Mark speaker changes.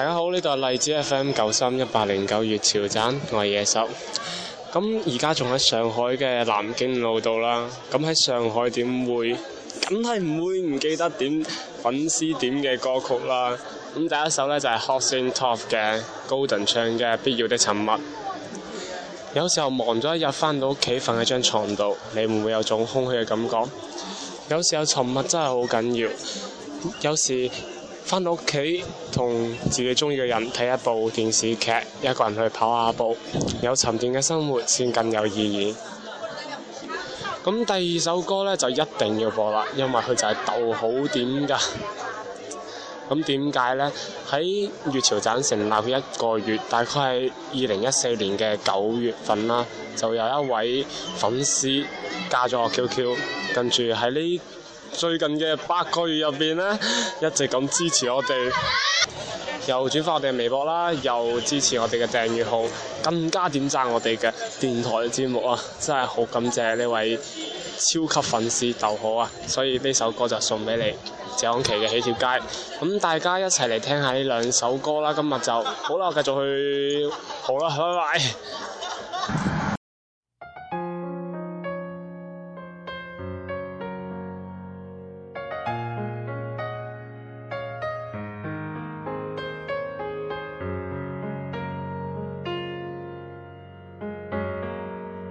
Speaker 1: 大家好，呢度係荔枝 FM 九三一八零九月潮汕，我係野獸。咁而家仲喺上海嘅南京路度啦。咁喺上海點會？梗係唔會唔記得點粉絲點嘅歌曲啦。咁第一首呢，就係 Hotting Top 嘅高登唱嘅《必要的沉默》。有時候忙咗一日翻到屋企瞓喺張床度，你唔會有種空虛嘅感覺。有時候沉默真係好緊要。有時。返到屋企同自己鍾意嘅人睇一部電視劇，一個人去跑下步，有沉澱嘅生活先更有意義。咁第二首歌咧就一定要播啦，因為佢就係鬥好點㗎。咁點解咧？喺月潮站成立一個月，大概係二零一四年嘅九月份啦，就有一位粉絲加咗我 QQ，跟住喺呢。最近嘅八個月入面，呢一直咁支持我哋，又轉發我哋嘅微博啦，又支持我哋嘅訂閱號，更加點贊我哋嘅電台嘅節目啊！真係好感謝呢位超級粉絲逗好啊！所以呢首歌就送俾你謝安琪嘅《喜帖街》。咁大家一齊嚟聽下呢兩首歌啦！今日就好啦，我繼續去好啦，拜拜。